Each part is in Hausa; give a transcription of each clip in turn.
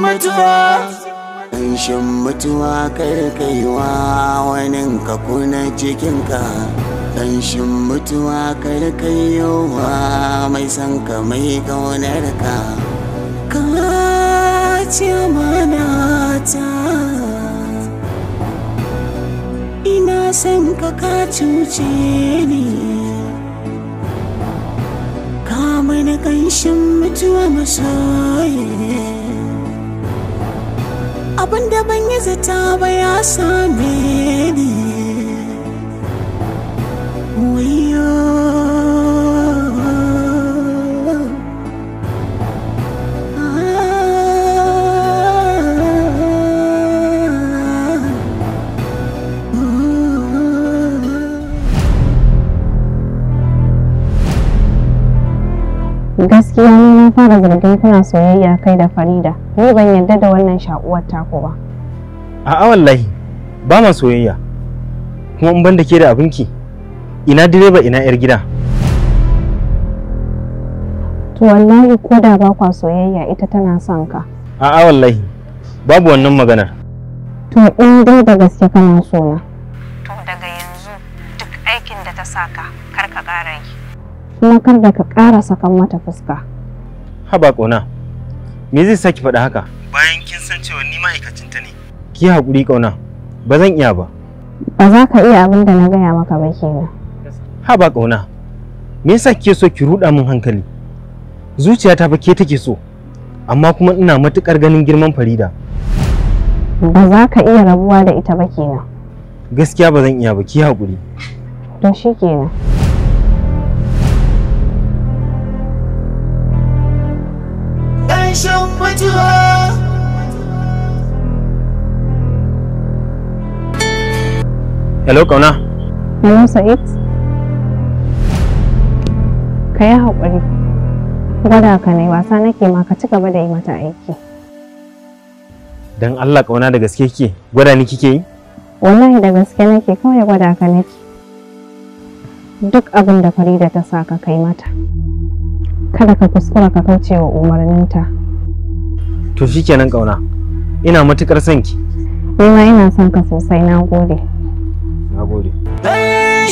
mutuwa ƙanshin mutuwa karkaiwa wani ka kuna cikinka kanshin mutuwa karkaiwa mai san ka mai ƙaunarka ka ce mana ta ina san ka ka cuce ni ka mana ƙanshin mutuwa masoyi abin da ban yi zata ba ya same ni fara zargin kana soyayya kai da Farida. Ni ban yarda da wannan shakuwar taku ba. A'a wallahi ba ma soyayya. Kuma in ban da ke da abinki. Ina direba ina yar gida. To wallahi ko da ba kwa soyayya ita tana son ka. A'a wallahi babu wannan maganar. To in dai da gaske kana so na. To daga yanzu duk aikin da ta saka kar ka ƙara yi. Kuma kar da ka ƙara sakan mata fuska. haba ƙauna me zai saki faɗa haka bayan kin san cewa ni ma'aikacinta ne ki haƙuri ƙauna ba zan iya ba ba za ka iya abin da na gaya maka ba kenan haba ƙauna me yasa kike so ki ruɗa min hankali zuciyata fa ke take so amma kuma ina matuƙar ganin girman farida ba za ka iya rabuwa da ita ba kenan gaskiya ba zan iya ba ki haƙuri to shikenan شمتها Hello, Kauna. Mu Sa'id. Ka yi haƙuri. Gwada ka ne wasa nake ma ka ci gaba da yi mata aiki. Dan Allah ƙauna da gaske ke gwada ni kike yi? Wallahi da gaske nake kawai gwada ka nake. Duk abin da Farida ta sa ka kai mata. Kada ka kuskura ka kauce wa umarninta. to shikenan kauna ina matukar son ki ma ina son ka sosai na gode na gode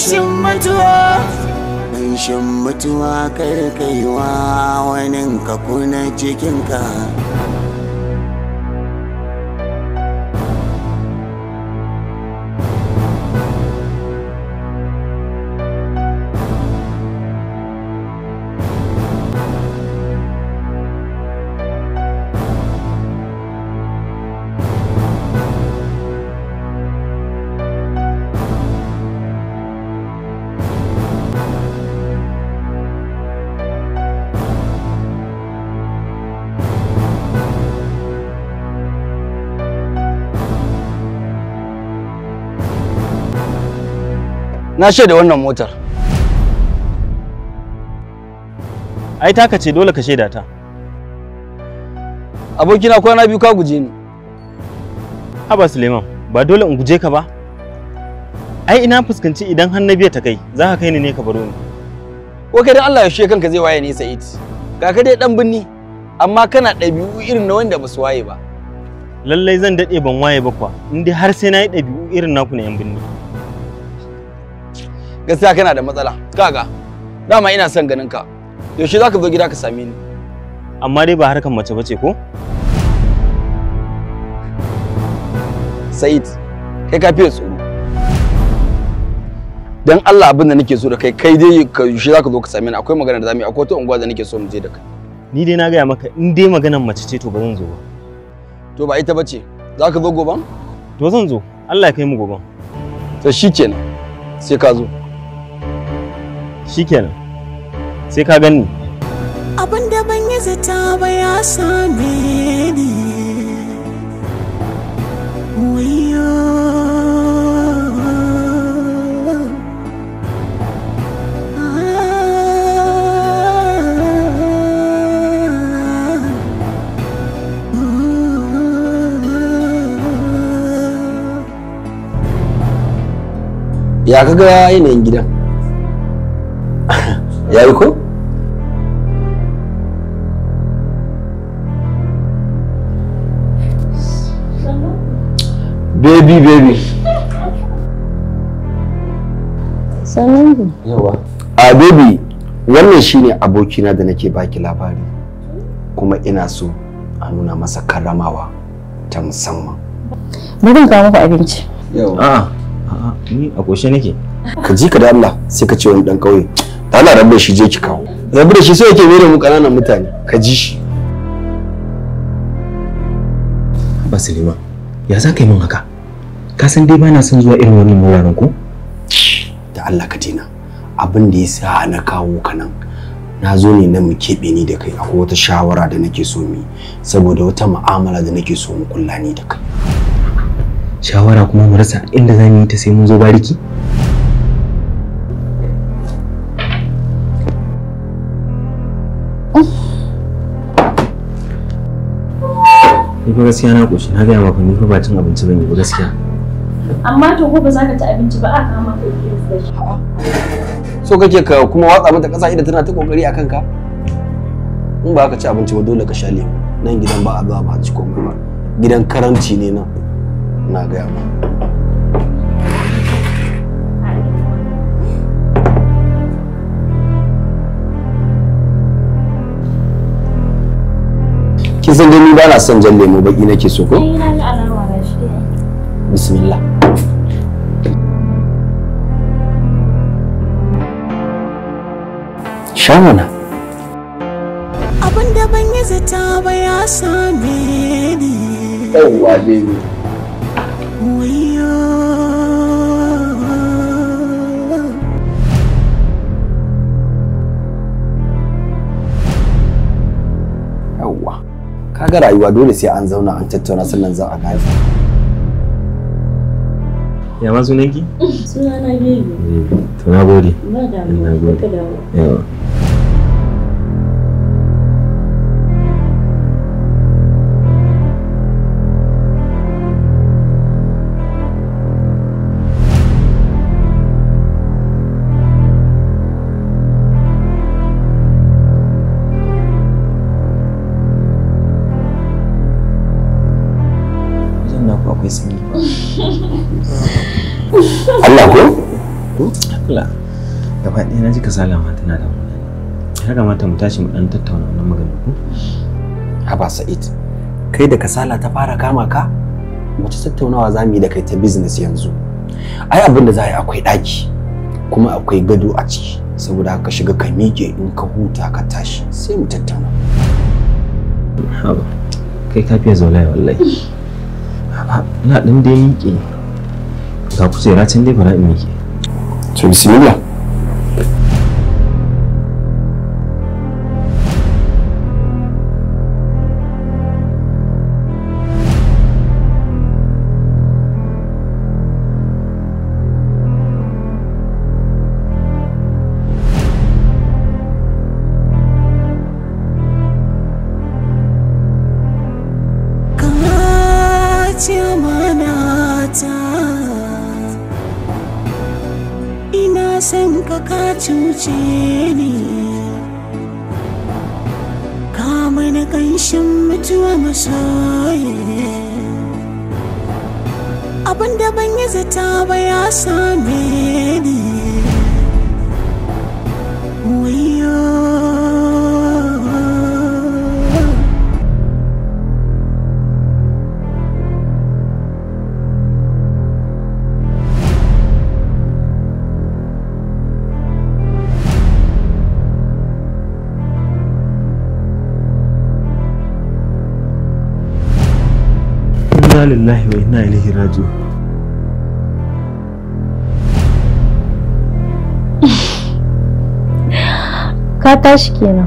shin mutuwa shin mutuwa kai kaiwa wani ka kuna ka. na shaida wannan motar ai taka ce dole ka shaida ta abokina kwana biyu ka guje ni haba suleiman ba dole in guje ka ba ai ina fuskanci idan har na biya ta kai za ka kai ni ne ka baro ni ko kai dan Allah ya shiye kanka zai waye ne sa'id ga ka dai dan binni amma kana ɗabi'u irin na wanda ba su waye ba lallai zan daɗe ban waye ba kwa in dai har sai na yi ɗabi'u irin naku na yan binni gaskiya kana da matsala kaga dama ina son ganin ka yaushe za ka zo gida ka same ni amma dai ba harkan mace bace ko Said kai ka fiye tsoro dan Allah abin da nake so da kai kai dai ka yaushe za ka zo ka same ni akwai magana da zamu yi akwai wata unguwa da nake so mu je da kai ni dai na gaya maka in dai maganar mace ce to ba zan zo ba to ba ita bace za ka zo goban to zan zo Allah ya kai mu goban to shikenan sai ka zo shikenan sai ka gani abin da ban yi zata ba ya same ni ya kaga yanayin gidan ya yi ko? baby baby sanin yawa a baby wannan shine abokina da nake baki labari kuma ina so a nuna masa karramawa ta musamman bari ga muku abinci yawa a ni a koshe nake ka ji ka da Allah sai ka ce wani dan kauye Allah rabbe da shi je ki kawo Rabbe da shi sai yake mere mu kananan mutane ka ji shi ba ya za ka yi min haka ka san dai bana son zuwa irin wannan wuraren ko da Allah ka dina abin da ya sa na kawo ka nan na zo ne na mu keɓe ni da kai akwai wata shawara da nake so mu saboda wata mu'amala da nake so mu kulla ni da kai shawara kuma mu rasa inda za mu yi ta sai mun zo bariki ni fa gaskiya na koshi na gaya maka ni fa ba cin abinci bane ba gaskiya amma to ko ba za ka ci abinci ba a kama ka da so kake ka kuma watsa mata kasa idan tana ta kokari akan ka in ba ka ci abinci ba dole ka sha lemu nan gidan ba a zuwa ba a ci komai ba gidan karamci ne nan na gaya maka kin san dai ni ba na son jan lemo baki nake so ko bismillah shamana. mana abin da ban yi zata ba ya same ni yauwa baby kaga rayuwa dole sai an zauna an tattauna sannan za a gane ya ma sunanki? sunana baby eh, to na gode ba mu, ka dawo Allah ko? Allah gaba ɗaya na ji kasala ma tana da wani ya kamata mu tashi mu ɗan tattauna wannan magana ko? Haba Sa'id kai da kasala ta fara kama ka wace tattaunawa za mu yi da kai ta business yanzu ai abin da za a yi akwai ɗaki kuma akwai gado a ciki saboda ka shiga ka miƙe in ka huta ka tashi sai mu tattauna haba kai kafiya zaune wallahi ina ɗan dai miƙe ga kujera can dai bara in miƙe to bismillah Tuce ne ka mana ƙanshin mutuwa masoye abinda ban yi zata ba ya same ni inna lillahi wa inna ilaihi raji'un ka tashi kenan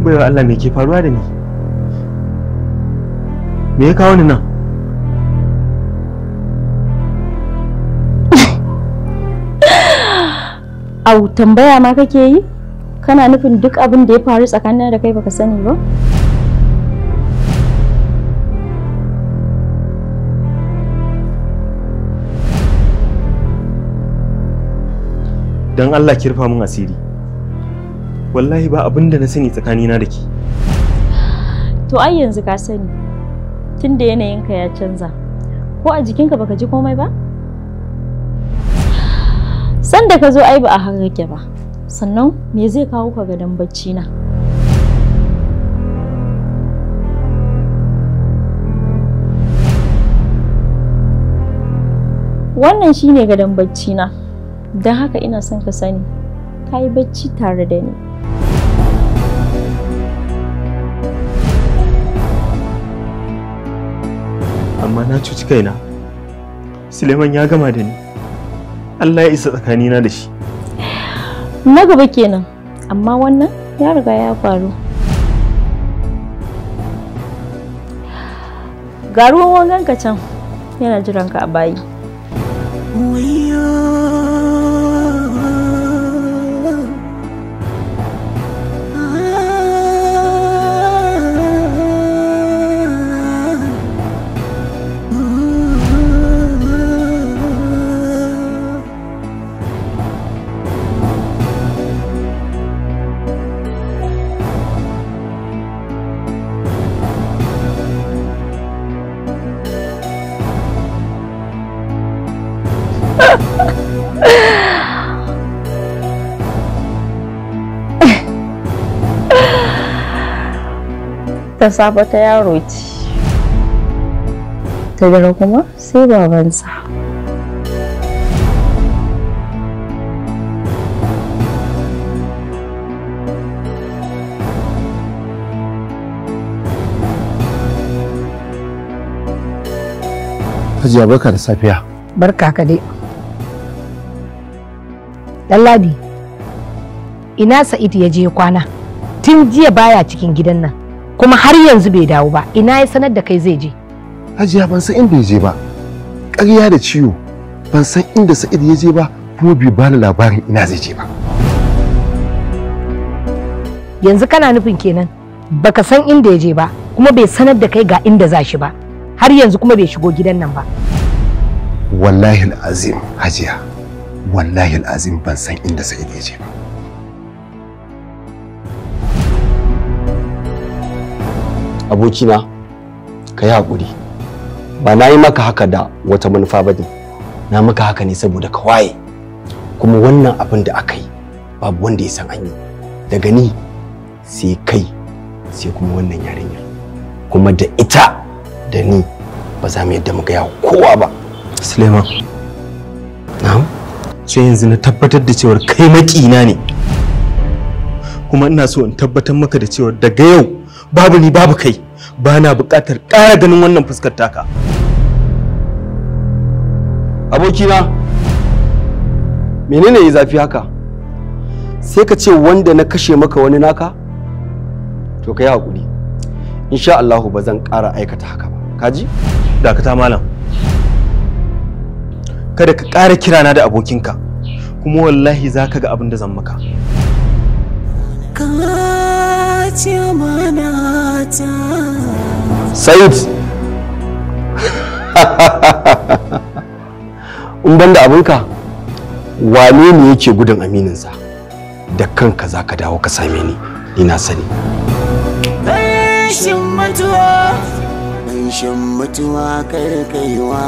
baiwa Allah me ke faruwa da ni me ya kawo ni nan au tambaya ma kake yi kana nufin duk abin da ya faru tsakanin da kai baka sani ba don Allah ki rufa min asiri wallahi ba abin na sani tsakanina da ke. to ai yanzu ka sani tunda yanayinka ya canza ko a jikinka baka ji komai ba San da ka zo ai ba a harrake ba sannan me zai kawo ka gadon bacci na wannan shine gadon bacci na don haka ina son ka sani ka yi bacci tare da ni amma na cuci kaina suleiman ya gama da ni allah ya isa tsakanina da shi na gaba kenan amma wannan ya riga ya faru ga ruwan wangan can yana jiranka a bayi da safe ta yaro ce ta dare kuma sai babansa Hajiya barka da safiya. Barka ka dai. Ɗanlabi, ina Sa'idu ya je kwana, tun jiya baya cikin gidan nan. kuma har yanzu bai dawo ba ina ya sanar da kai zai je hajiya ban san inda ya je ba ƙarya da ciwo ban san inda sa'id ya je ba kuma bai ba ni labarin ina zai je ba yanzu kana nufin kenan baka san inda ya je ba kuma bai sanar da kai ga inda za shi ba har yanzu kuma bai shigo gidan nan ba wallahi azim hajiya wallahi azim ban san inda sa'id ya je ba abokina ka yi haƙuri ba na yi maka haka da wata manufa ba ne na maka haka ne saboda ka waye kuma wannan abin da aka yi babu wanda ya san an yi daga ni sai kai sai kuma wannan yarinyar kuma da ita da ni ba za mu yadda mu gaya kowa ba suleiman na'am sai yanzu na tabbatar da cewar kai maƙina ne kuma ina so in tabbatar maka da cewar daga yau babu ni babu kai ba na buƙatar ƙara ganin wannan fuskar taka abokina menene ya zafi haka sai ka ce wanda na kashe maka wani naka to ka yi haƙuri insha Allahu ba zan ƙara aikata haka ba kaji dakata malam kada ka ƙara kirana da abokinka kuma wallahi za ka ga abin da zan maka ci amana ta Said in da abinka wane ne yake gudun amininsa da kanka za ka dawo ka same ni ni na sani Shin mutuwa shin mutuwa kai kaiwa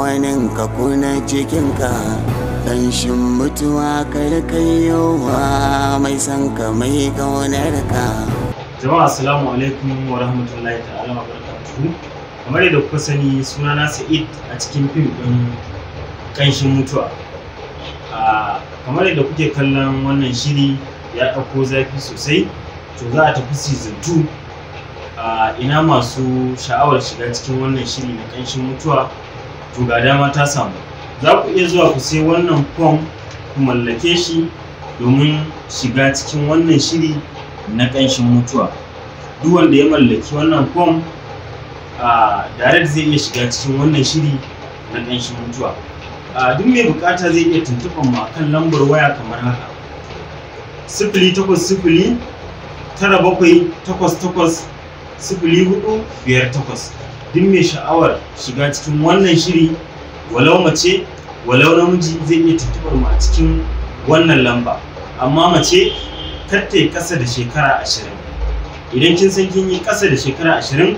waninka kuna cikinka ƙanshin mutuwa karkayowa mai san ka mai ƙaunar ka jama'a assalamu alaikum wa rahmatullahi ta'ala wa barakatuhu kamar yadda kuka sani suna sunana sa'id a cikin fim ɗin ƙanshin mutuwa kamar yadda kuke kallon wannan shiri ya ɗauko zafi sosai to za a tafi season 2 ina masu sha'awar shiga cikin wannan shiri na ƙanshin mutuwa to ga dama ta samu za ku iya zuwa ku sai wannan form ku mallake shi domin shiga cikin wannan shiri na ƙanshin mutuwa duk wanda ya mallaki wannan form a direct zai iya shiga cikin wannan shiri na ƙanshin mutuwa a duk mai bukata zai iya tuntuɓar mu akan lambar waya kamar haka sifili takwas sifili tara bakwai takwas takwas sifili hudu biyar takwas duk mai sha'awar shiga cikin wannan shiri walau mace walau namiji zai iya tuntuɓar mu a cikin wannan lamba amma mace kar ta da shekara ashirin idan kin san kin yi kasa da shekara ashirin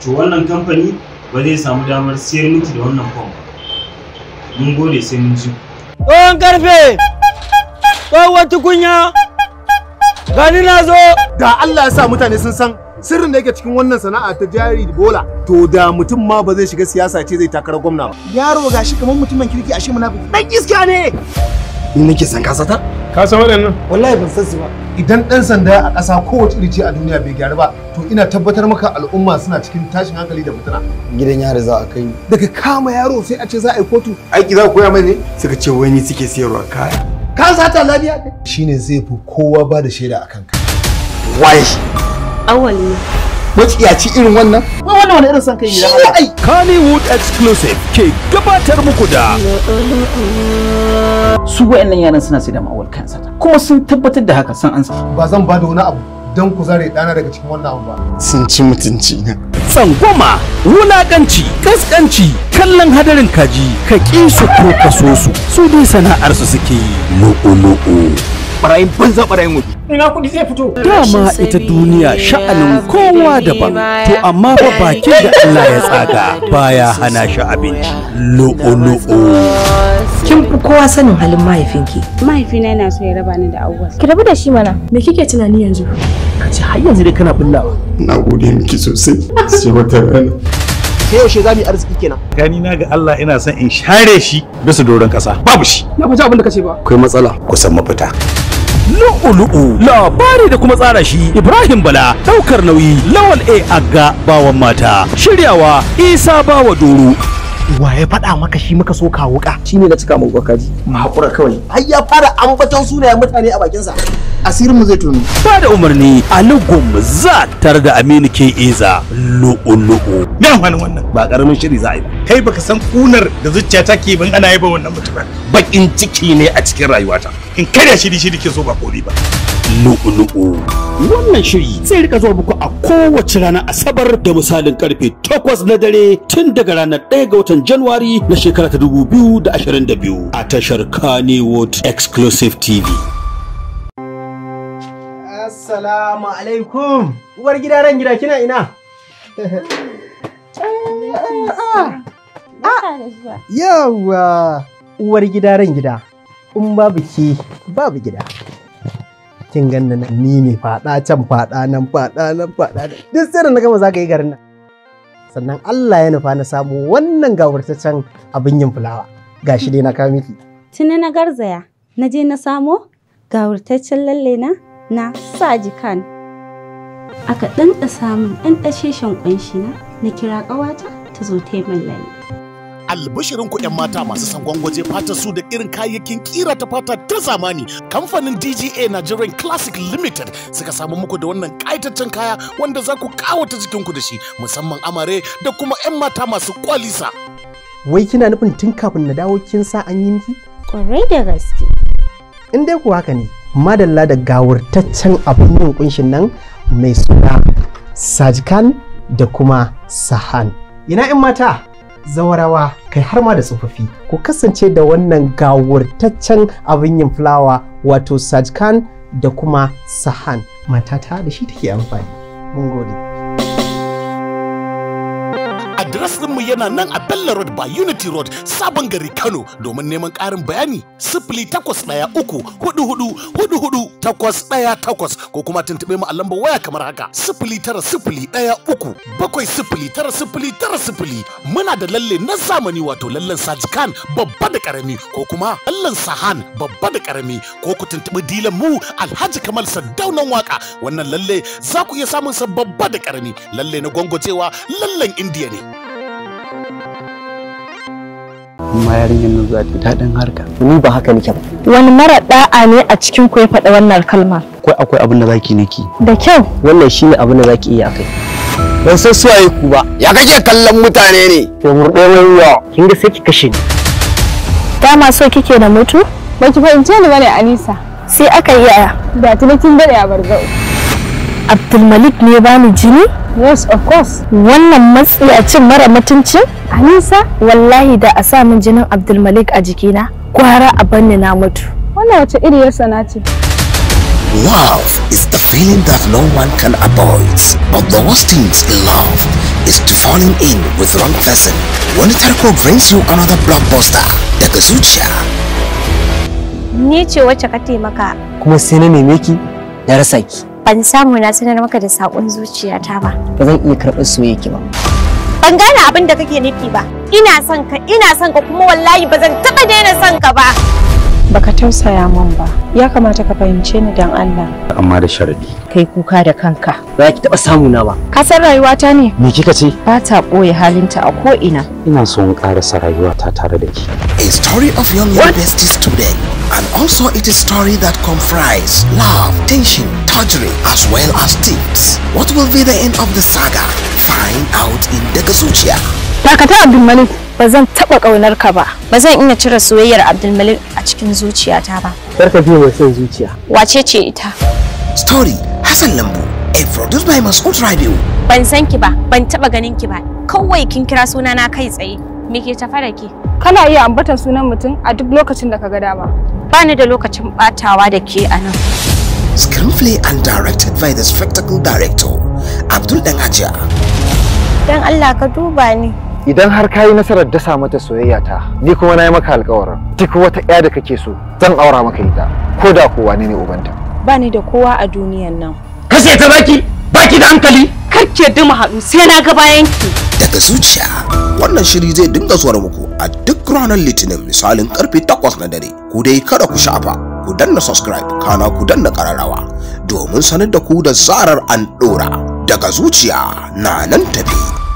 to wannan kamfani ba zai samu damar siyar miki da wannan fom ba mun gode sai mun ji tsohon karfe tsohon tukunya gani na zo da allah ya sa mutane sun san sirrin da yake cikin wannan sana'a ta jari bola to da mutum ma ba zai shiga siyasa ce zai takara gwamna ba yaro gashi kamar mutumin kirki ashe munafiki dan iska ne ni nake san ka sata ka san waɗannan wallahi ban san su ba idan dan sanda a ƙasa kowace iri a duniya bai gyaru ba to ina tabbatar maka al'umma suna cikin tashin hankali da fitina gidan yari za a kai daga kama yaro sai a ce za a yi kotu aiki za ku koya mai ne suka ce wai ni suke sayarwa kaya ka sata lafiya shine zai fi kowa ba da shaida akan ka wai awal ne maciyaci irin wannan wai wannan wani irin son kai ne da ai Kannywood exclusive ke gabatar muku da su wayannan yaran suna sai da ma'awal kansa kuma sun tabbatar da haka san an ba zan ba da wani abu don ku zare dana daga cikin wannan abu ba sun ci mutunci na tsangwama wulakanci kaskanci kallon hadarin kaji ka ƙi su ko kaso su su dai sana'ar su suke yi loko loko barayin banza barayin wuri ina kudi zai fito dama ita duniya sha'anin kowa daban to amma fa bakin da Allah ya tsaga baya hana shi abinci lo'o-lo'o kin fi kowa sanin halin mahaifinki. Mahaifina yana so ya raba ni da Auwas. Ki rabu da shi mana. Me kike tunani yanzu? Ka ce har yanzu dai kana bullawa. Na gode miki sosai. Sai wata rana. ta yaushe za mu yi arziki kenan gani na ga Allah ina son in share shi bisa doron kasa babu shi na fahimci abin da kace ba akwai matsala kusan mafita lu'ulu'u labari da kuma tsara shi ibrahim bala daukar nauyi lawal a agga bawan mata shiryawa isa bawa doro wa ya faɗa maka shi maka so ka wuka ne na cika muku kaji mu hakura kawai har ya fara ambaton sunayen mutane a bakin sa asirin mu zai tunu ba da umarni Ali za tar da Aminu ke Iza lu'ulu'u me amfanin wannan ba karamin shiri za a yi kai baka san kunar da zuciya take ban ana yaba wannan mutumin bakin ciki ne a cikin rayuwata in kada shiri shiri ke so ba kori ba lu'ulu'u wannan shiri zai rika zuwa muku a kowace rana asabar da misalin karfe 8 na dare tun daga ranar 1 ga watan januwari na shekara ta 2022 a tashar Kanewood exclusive tv assalamu alaikum uwar gida ran gida kina ina yawwa uwar gida ran gida in babu ke babu gida kin ganna nan ni ne faɗa can faɗa nan faɗa nan faɗa duk sai da na gama za ka yi garin nan sannan Allah ya nufa na samu wannan gawurtaccen abin yin fulawa gashi dai na kawo miki tuni na garzaya na je na samo gawurtaccen lalle na na jikan. aka ɗanɗa samun ɗan ɗasheshen ƙunshi na na kira ƙawata ta zo ta yi mallani albashirin ku yan mata masu san gwangwaje fatar su da irin kayayyakin kira ta fata ta zamani kamfanin DGA Nigerian Classic Limited suka samu muku da wannan kaitaccen kaya wanda za ku kawata jikin ku da shi musamman amare da kuma yan mata masu kwalisa wai kina nufin tun kafin na dawo kin sa an yi miki da gaske in dai kuwa haka ne madalla da gawurtaccen abin yin kunshin nan mai suna sajikan da kuma sahan ina 'yan mata zawarawa kai har ma da tsofaffi ku kasance da wannan gawurtaccen abin yin fulawa wato sajkan da kuma sahan matata da shi take amfani mun gode adres mu yana nan a bella Road by Unity Road, Sabon Gari Kano domin neman ƙarin bayani sifili takwas ɗaya uku hudu hudu hudu hudu takwas ɗaya takwas ko kuma tuntuɓe mu a lambar waya kamar haka sifili tara sifili ɗaya uku bakwai sifili tara sifili tara sifili muna da lalle na zamani wato lallen sajikan babba da ƙarami ko kuma lallen sahan babba da ƙarami ko ku tuntuɓi dilan mu alhaji kamal saddaunan waka wannan lalle za ku iya samun sa babba da ƙarami lalle na gwangwacewa lallen indiya ne. kuma yarinyar nan za ta daɗin harka ni ba haka nake ba wani mara da'a ne a cikin ku ya faɗa wannan kalma. akwai akwai abin da zaki naki da kyau wannan shine abin da zaki iya kai ban san su ku ba ya kake kallon mutane ne to murɗe ruwa kin ga sai ki kashe ni dama so kike da mutu baki fahimce ni bane Anisa sai aka yi aya. da tunakin bane a bargau abdulmalik ne ba ni jini yes of course wannan matsi a cin mara mutuncin anisa wallahi da a sa min jinin abdulmalik a jikina gwara a banni na mutu wannan wace iriyar sana ce Love is the feeling that no one can avoid. But the worst thing in love is to falling in with wrong person. Wani tarko brings you another blockbuster daga zuciya. Ni ce wacce ka taimaka. Kuma sai na neme ki, na rasa ki. ban samu na sanar maka da sakon zuciyata ba ba zan iya karɓar soyayya ba ban gane abin da kake nufi ba ina son ka ina son ka kuma wallahi ba zan taɓa daina son ka ba baka tausaya min ba ya kamata ka fahimce ni dan Allah amma da sharadi kai kuka da kanka ba ki taba samu na ba ka san rayuwata ne me kika ce ba ta ɓoye halinta a ko ina ina so in karasa rayuwata tare da ki a story of young university student and also it is story that comprise love tension surgery as well as thieves. What will be the end of the saga? Find out in Dagasuchiya. Dakata Abdulmalik, ba zan taɓa ƙaunarka ba. Ba zan iya cire soyayyar Abdulmalik a cikin zuciyata ba. Kar ka biye son zuciya. Wace ce ita? Story Hassan Lambu, a produced by Ban san ki ba, ban taɓa ganin ki ba. Kawai kin kira sunana kai tsaye. Me ke tafa da ke? Kana iya ambatan sunan mutum a duk lokacin da ka ga dama. Bani da lokacin batawa da ke a nan. Screenplay and directed by the spectacle director Abdul Dan Allah ka duba ni. Idan har ka yi nasarar dasa mata soyayya ta, ni kuma na yi maka alƙawarin duk wata ɗaya da kake so zan aura maka ita, ko da kowa ne ne ubanta. Ba ni da kowa a duniyan nan. Kashe ta baki, baki da hankali. Karke duma haɗu sai na ga bayanki. Daga zuciya, wannan shiri zai dinga zuwa muku a duk ranar Litinin misalin karfe 8 na dare. Ku dai kada ku shafa. ku danna subscribe kana ku danna kararrawa domin sanar da ku da zarar an dora daga zuciya na nan tafi